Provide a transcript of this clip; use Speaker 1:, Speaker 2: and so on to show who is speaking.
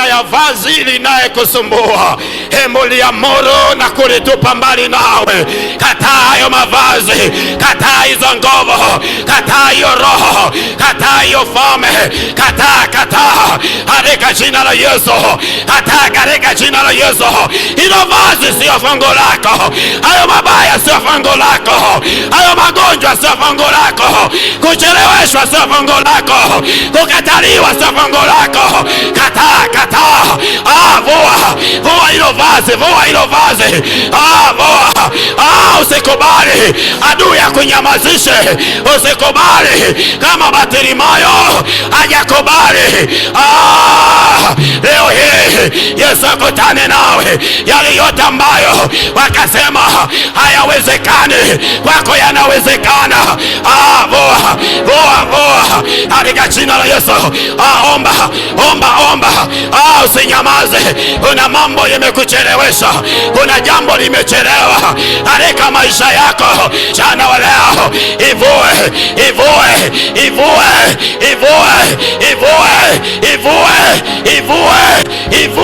Speaker 1: aina ya vazi linayekusumbua hembo moro na kulitupa mbali nawe. Kataa hayo mavazi, kataa hizo nguvu, kataa hiyo roho, kataa hiyo fame, kataa, kataa katika jina la Yesu, kataa katika jina la Yesu. Hilo vazi sio fungu lako, hayo mabaya sio fungu lako, hayo magonjwa sio fungu lako, kucheleweshwa sio fungu lako, kukataliwa sio fungu lako. vazi, voa hilo vazi, ah, voa ah, usikubali adui akunyamazishe, usikubali kama batilimayo hajakubali. Ah, leo hii Yesu akutane nawe. Yale yote ambayo wakasema hayawezekani kwako yanawezekana. Ah, voa voa voa katika jina la Yesu. Ah, omba omba omba ah, Lazima usinyamaze. Kuna mambo yamekuchelewesha, kuna jambo limechelewa areka maisha yako jana wa leo. Ivue, ivue, ivue, ivue, ivue, ivue, ivue, ivue, ivue